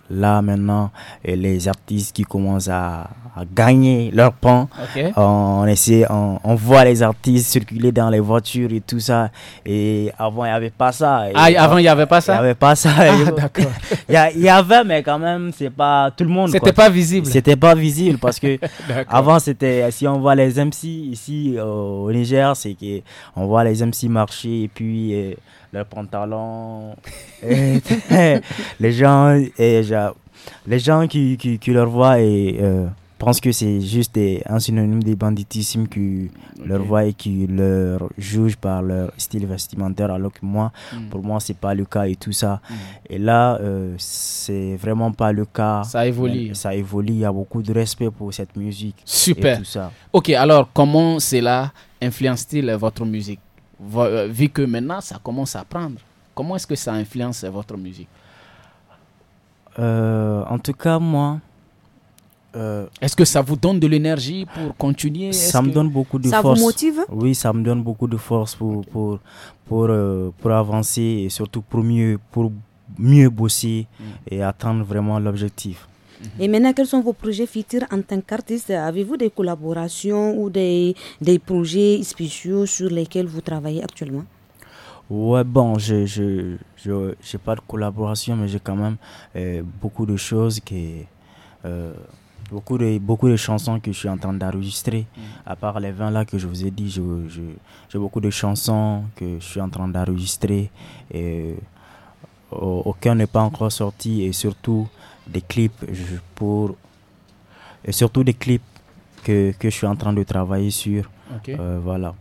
là maintenant et les artistes qui commencent à, gagner leur pain on essaie on, voit les artistes circuler dans les voitures et tout ça et avant il n'y ah, avait pas ça ah avant il n'y avait pas ça il n'y avait pas ça d'accord il y, avait mais quand même c'est pas tout le monde c'était pas visible c'était pas visible parce que avant c'était si on voit les MC ici au Niger c'est que on voit les MC marcher et puis euh, leurs pantalon. Eh, les gens, et, eh, les gens qui, qui, qui leur voient et, euh, pensent que c'est juste un synonyme des banditisme qui leur voient et qui leur jugent par leur style vestimentaire, alors que moi, hmm. pour moi, c'est pas le cas et tout ça. Hmm. Et là, ce euh, c'est vraiment pas le cas. Ça évolue. Ça évolue. Il y a beaucoup de respect pour cette musique. Super. ça. Ok, alors comment cela influence-t-il votre musique euh, vu que maintenant ça commence à prendre Comment est-ce que ça influence votre musique euh, En tout cas, moi. Euh, est-ce que ça vous donne de l'énergie pour continuer Ça me donne beaucoup de force. vous motive Oui, ça me donne beaucoup de force pour, pour, pour, pour, avancer et surtout pour mieux, pour mieux bosser mm. et atteindre vraiment l'objectif. Mhm. Et maintenant, quels sont vos projets futurs en tant qu'artiste Avez-vous des collaborations ou des, projets spéciaux sur lesquels vous travaillez actuellement Ouais, bon, je n'ai pas de collaboration, mais j'ai quand même euh, beaucoup de choses qui. Euh, beaucoup, de, beaucoup de chansons que je suis en train d'enregistrer. Mhm. À part les 20 là que je vous ai dit, j'ai beaucoup de chansons que je suis en train d'enregistrer. aucun n'est pas encore sorti et surtout des clips pour. Et surtout des clips que, que, je suis en train de travailler sur. Euh, voilà.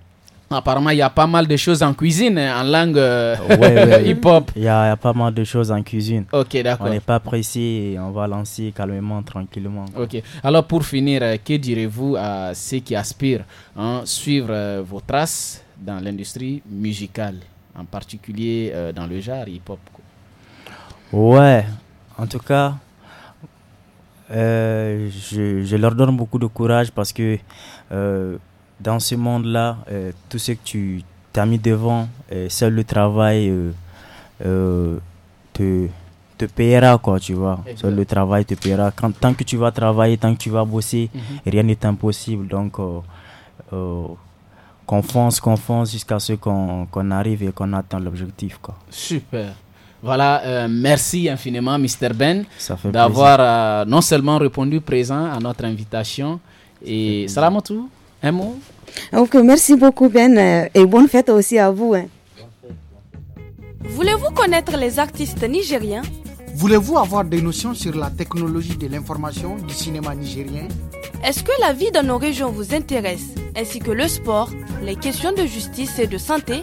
Apparemment, il y a pas mal de choses en cuisine, hein, en langue euh, hip-hop. Il y, a pas mal de choses en cuisine. Ok, d'accord. On n'est pas pressé, on va lancer calmement, tranquillement. Ok. Alors, pour finir, euh, que direz-vous à ceux qui aspirent à suivre vos traces dans l'industrie musicale, en particulier dans le genre hip-hop Ouais, en tout cas, euh, je, leur donne beaucoup de courage parce que euh, dans ce monde-là, euh, tout ce que tu as mis devant, seul le travail te, te payera, quoi, tu vois. Seul le travail te payera. Quand, tant que tu vas travailler, tant que tu vas bosser, mhm. rien n'est impossible. Donc, qu'on fonce, qu'on jusqu'à ce qu'on arrive et qu'on atteigne l'objectif. Super. Voilà, euh, merci infiniment, Mr. Ben, d'avoir euh, non seulement répondu présent à notre invitation. Et tout un mot Ok, Merci beaucoup, Ben, euh, et bonne fête aussi à vous. Hein. Voulez-vous connaître les artistes nigériens Voulez-vous avoir des notions sur la technologie de l'information du cinéma nigérien Est-ce que la vie dans nos régions vous intéresse, ainsi que le sport, les questions de justice et de santé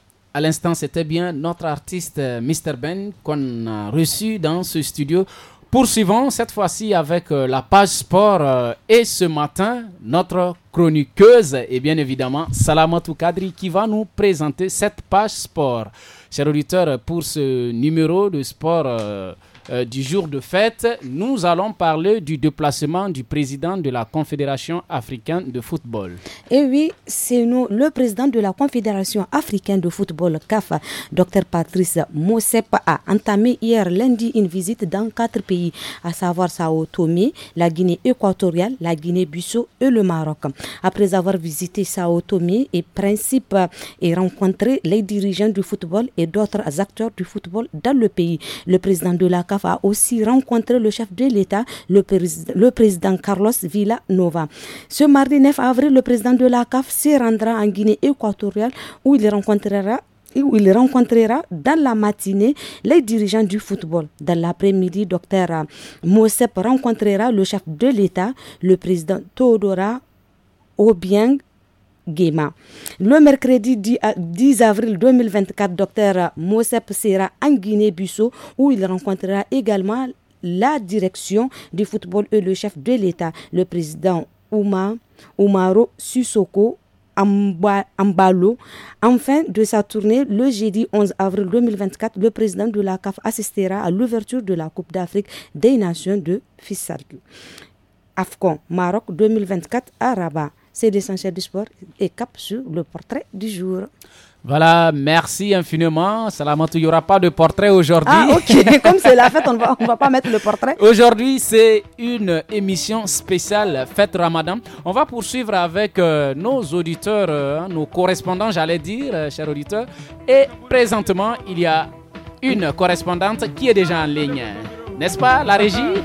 à l'instant, c'était bien notre artiste euh, Mr. Ben qu'on a reçu dans ce studio. Poursuivons cette fois-ci avec euh, la page sport euh, et ce matin, notre chroniqueuse et bien évidemment Salamatou Kadri qui va nous présenter cette page sport. Chers auditeurs, pour ce numéro de sport... Euh, du jour de fête, nous allons parler du déplacement du président de la Confédération africaine de football. Et eh oui, c'est nous, le président de la Confédération africaine de football, CAF, Dr Patrice Mosep, a entamé hier lundi une visite dans quatre pays, à savoir Sao Tomé, la Guinée équatoriale, la Guinée-Bissau et le Maroc. Après avoir visité Sao Tomé et Principe et rencontré les dirigeants du football et d'autres acteurs du football dans le pays, le président de la a aussi rencontré le chef de l'État, le, le, président Carlos Nova. Ce mardi 9 avril, le président de la CAF se rendra en Guinée équatoriale où il rencontrera où il rencontrera dans la matinée les dirigeants du football. Dans l'après-midi, Dr Mosep rencontrera le chef de l'État, le président Todora Obiang le mercredi 10 euh, avril 2024, Dr Mosep sera en Guinée-Bissau où il rencontrera également la direction du football et le chef de l'État, le président Ouma, Susoko Ambalo. En fin de sa tournée, le jeudi 11 avril 2024, le président de la CAF assistera à l'ouverture de la Coupe d'Afrique des Nations de Fissargu. AFCON Maroc 2024 à Rabat. C'est l'essentiel du sport et cap sur le portrait du jour. Voilà, merci infiniment. Salamatou, il n'y aura pas de portrait aujourd'hui. Ah, ok, comme c'est la fête, on va, ne va pas mettre le portrait. Aujourd'hui, c'est une émission spéciale Fête Ramadan. On va poursuivre avec euh, nos auditeurs, euh, hein, nos correspondants, j'allais dire, euh, chers auditeurs. Et présentement, il y a une correspondante qui est déjà en ligne. N'est-ce pas, la régie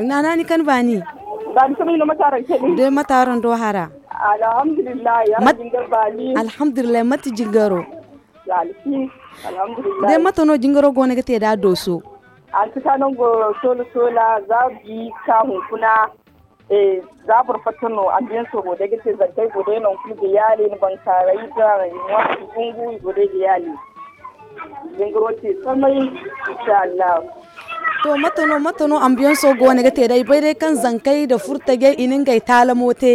nana ni kan ba ni sama ilo mataran ke de mataran do hara alhamdulillah ya jingar bani alhamdulillah mati jingaro alhamdulillah de matano jingaro gona ga te da doso alkitanon go solo sola zabi kahun kuna e eh, zabur fatano ambiyan so gode ga te zantai gode non ku ga yale ni ban tarai da wasu gungu gode ga yale jingaro te samai insha Allah to matano matano ambiyon so go ne gate dai bai dai kan zankai da furta inin gai tala mote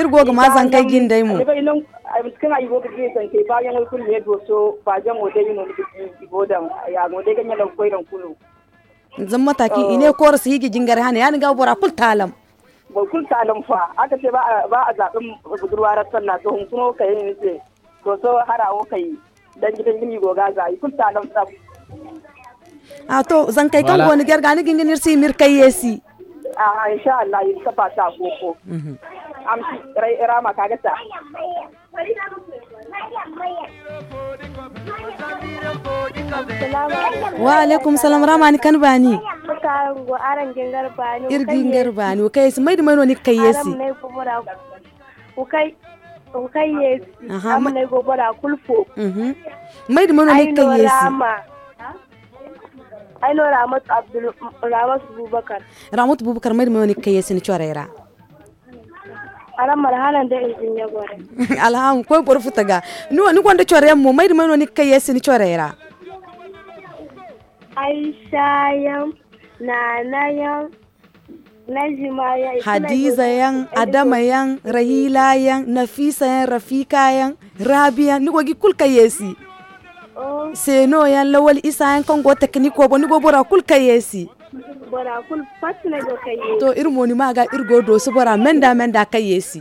irgo ga ma zankai gin dai mu go zankai bayan ne mo dai go da ya go dai koiran kulu zan mataki ah. ine higi jingar fa aka ce ba ba a zaben budurwa ran to hun kuno kai ne ce to so harawo kai dan gidan gini go ga zai kul talam a to zan kai kan goni gyar gani gingin irsi mir kai yesi a insha Allah yi ka ba ta goko amshi rai rama kaga ta wa alaikum salam rama ni kan bani irgin garbani o kai mai da mai no kai yesi o kai o kai yesi amma ne gobara kulfo mai da mai no ni kai yesi aino ramat abdul ramat bubakar ramat bubakar mai mai ne kai sin chorera aran marhalan da in ya gore alham ko por futaga nu ni kon da chorera mu mai mai ne kai sin chorera aisha yam nana yam Najima yan Hadiza yan Adama yan Rahila yan Nafisa yan Rafika yan Rabia ni kwa kikulka yesi seno yan lawal isa yan kan gota kini ko boni go bora kulu kayesi bora kul patna go kayesi to ir moni go do bora menda menda kayesi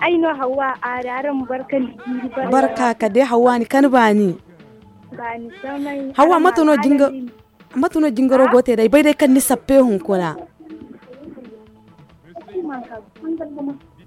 aino barka ka dai hawa ni kan bani bani samai hawa matono jinga matono jingaro gote ay bay day kaŋ ni sappe hunkuna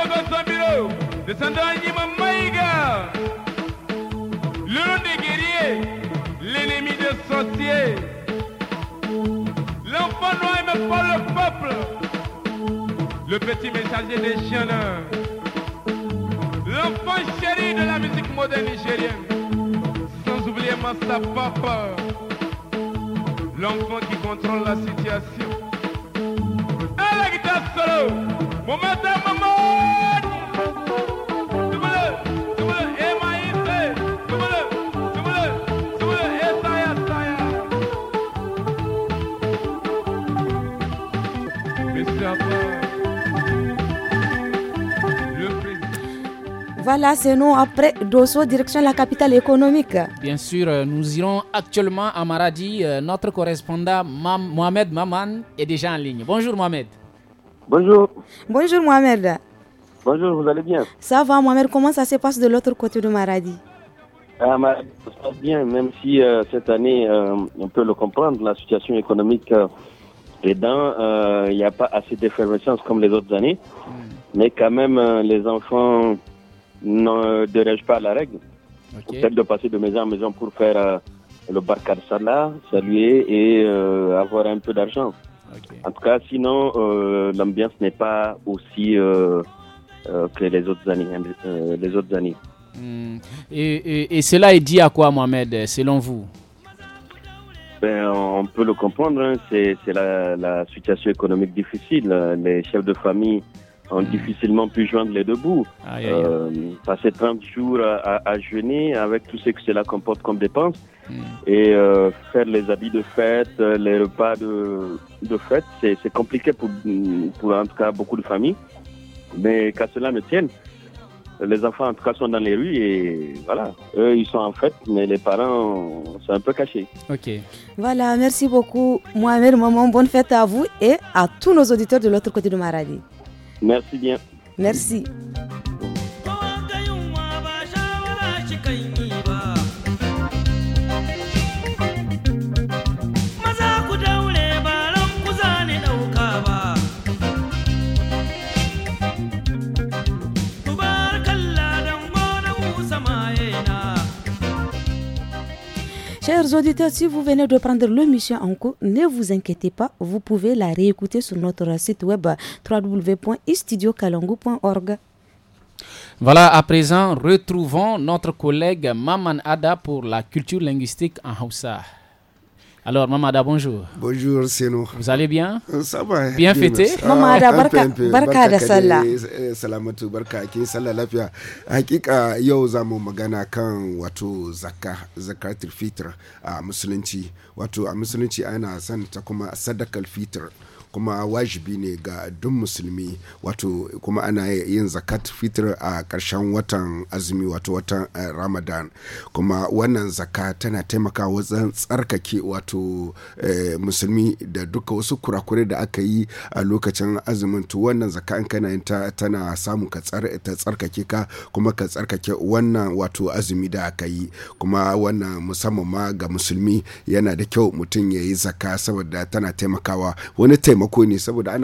son bureau des guerriers, l'ennemi des sentiers, L'enfant noir aime pas le peuple. Le petit messager des chiens. L'enfant chéri de la musique moderne nigérienne. Sans oublier sa Papa. L'enfant qui contrôle la situation. Voilà, c'est nous après Dosso, direction la capitale économique. Bien sûr, euh, nous irons actuellement à Maradi. Euh, notre correspondant Mohamed Maman est déjà en ligne. Bonjour Mohamed. Bonjour. Bonjour Mohamed. Bonjour, vous allez bien Ça va Mohamed, comment ça se passe de l'autre côté de Maradi ah, ça se passe bien, même si euh, cette année, euh, on peut le comprendre, la situation économique euh, est dans, il n'y a pas assez d'effervescence comme les autres années, hmm. mais quand même, les enfants ne dérègent pas la règle. Ils peut de passer de maison en maison pour faire le barcar salat, saluer et avoir un peu d'argent. En tout cas, sinon, euh, l'ambiance n'est pas aussi euh, euh, que les autres années. Hein, les autres années. Hmm. Et, cela est dit à quoi, Mohamed, selon vous ben, On peut le comprendre, hein. c'est la, situation économique difficile. Les chefs de famille ont hmm. difficilement pu joindre les deux bouts. passer 30 jours à, à jeûner avec tout ce que cela comporte comme dépenses, Mm. Et euh, faire les habits de fête, euh, les repas de, fête, c'est compliqué pour, pour en tout cas beaucoup de familles. Mais qu'à cela ne tienne, les enfants en tout cas sont dans les rues et voilà, eux ils sont en fête, mais les parents c'est un peu caché. Ok. Voilà, merci beaucoup Mohamed, maman, bonne fête à vous et à tous nos auditeurs de l'autre côté de Maradi. Merci bien. Merci. Chers auditeurs, si vous venez de prendre l'émission en cours, ne vous inquiétez pas, vous pouvez la réécouter sur notre site web www.istudiokalangu.org. Voilà, à présent, retrouvons notre collègue Maman Ada pour la culture linguistique en Hausa. Alors, Mamada, bonjour. Bonjour, nous. Vous allez bien Ça va. Hein? Bien, bien fêté Mamada, ah, barka, barka da sallah. Eh, salamatu, barka, kin sallah lafiya. Hakika yau za mu magana kan wato zakka, zakatul fitr a ah, musulunci. Wato a ah, musulunci ana son ta kuma sadakal fitr. kuma wajibi ne ga duk musulmi wato kuma ana yin zakat fitar a ƙarshen watan azumi wato watan eh, ramadan kuma wannan zaka tana taimakawa wajen tsarkake wato eh, musulmi da duka wasu kurakure da aka yi a lokacin azumin to wannan zaka in kana yin ta tana samu ka tsarkake ka kuma ka tsarkake wannan wato azumi da aka yi kuma wannan musamman ma ga musulmi yana da kyau mutum ya yi zaka saboda tana taimakawa wani taimakawa saboda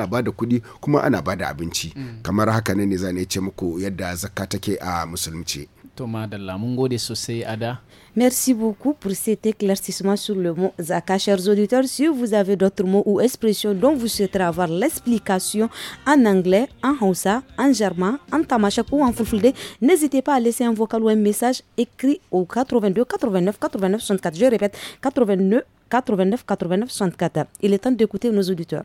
Merci beaucoup pour cet éclaircissement sur le mot Zaka. Chers auditeurs, si vous avez d'autres mots ou expressions dont vous souhaiterez avoir l'explication en anglais, en hausa, en germain, en tamashak ou en fulfulde, n'hésitez pas à laisser un vocal ou un message écrit au 82 89 89 64. Je répète, 89 89 89 64. Il est temps d'écouter nos auditeurs.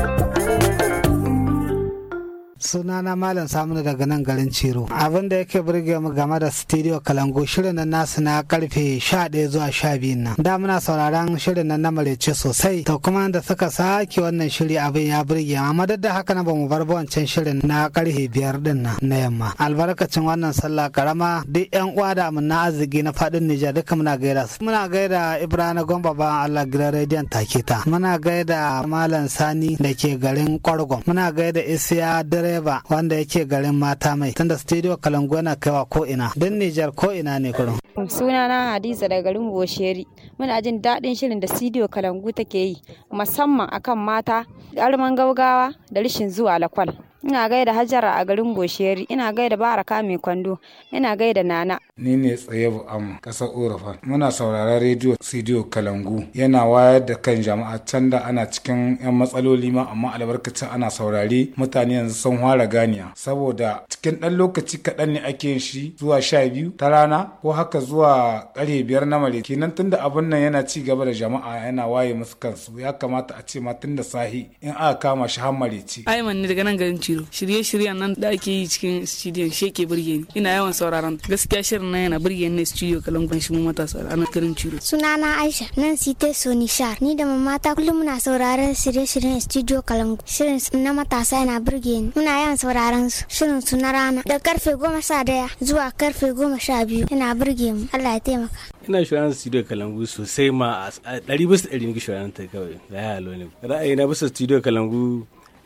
sunana malam saminu daga nan garin ciro abin da yake burge mu game da studio kalango shirin nan nasu na karfe 11 zuwa 12 nan da muna sauraron shirin nan na marece sosai to kuma da suka sake wannan shiri abin ya burge amma da haka na bamu bar wancan shirin na karfe 5 din nan na yamma albarkacin wannan sallah karama duk yan uwa da na arziki na fadin Nijar duka muna gaida su muna gaida Ibrahim Gomba ba Allah gidan rediyon take ta muna gaida Malam Sani da ke garin Kwargon muna gaida Isiya dare direba wanda yake garin mata mai tunda studio kalangu yana kaiwa ko ina don nijar ko ina ne kurum sunana hadiza daga garin bosheri muna jin daɗin shirin da studio kalangu take yi musamman akan mata arman gaugawa da rashin zuwa lakwal ina gaida hajara a garin gosheri ina gaida baraka mai kwando ina gaida nana ni ne tsaye am kasar orafa muna sauraron rediyo sidiyo kalangu yana wayar da kan jama'a can da ana cikin yan matsaloli ma amma albarkacin ana saurari mutane yanzu sun fara ganiya saboda cikin ɗan lokaci kaɗan ne ake yin shi zuwa sha biyu ta rana ko haka zuwa ƙarfe biyar na mare kenan tunda abin nan yana ci gaba da jama'a yana waye musu kansu ya kamata a ce ma tunda sahi in aka kama shi har mareci ai man daga nan garin ci shiru shirye-shiryen nan da ake yi cikin studio shi ke burge ni ina yawan sauraron gaskiya shirin na yana burge ni studio kalangon shi mu matasa ranar garin ciro sunana aisha nan site soni shar ni da mama ta kullum muna sauraron shirye-shiryen studio kalango shirin na matasa yana burge ni muna yawan sauraron su shirin su na rana da karfe goma sha daya zuwa karfe goma sha biyu yana burge mu allah ya taimaka ina shirin studio kalangu sosai ma a 100% bisa ɗari ne ta kawai ra'ayi na bisa studio kalangu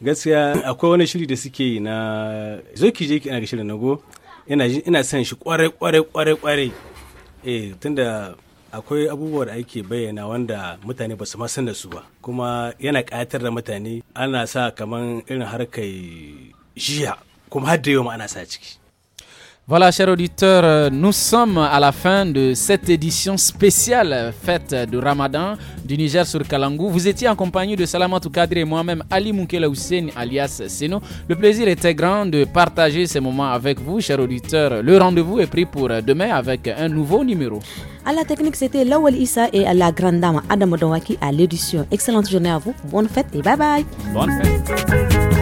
gaskiya akwai wani shiri da suke yi na zo ki je ki ina shirin nago ina ina shi kwarai kwarai kwarai kwarai eh tunda akwai abubuwa da ake bayyana wanda mutane ba su ma san da su ba kuma yana ƙayatar da mutane ana sa kaman irin harkar jiya kuma har da yau ma ana sa ciki Voilà, chers auditeurs, euh, nous sommes à la fin de cette édition spéciale fête de Ramadan du Niger sur Kalangou. Vous étiez en compagnie de Salamatou Kadri et moi-même, Ali Moukela Hussein, alias Seno. Le plaisir était grand de partager ces moments avec vous, chers auditeurs. Le rendez-vous est pris pour demain avec un nouveau numéro. À la technique, c'était Lawal Issa et à la grande dame Adam Odonwaki à l'édition. Excellente journée à vous, bonne fête et bye bye. Bonne fête.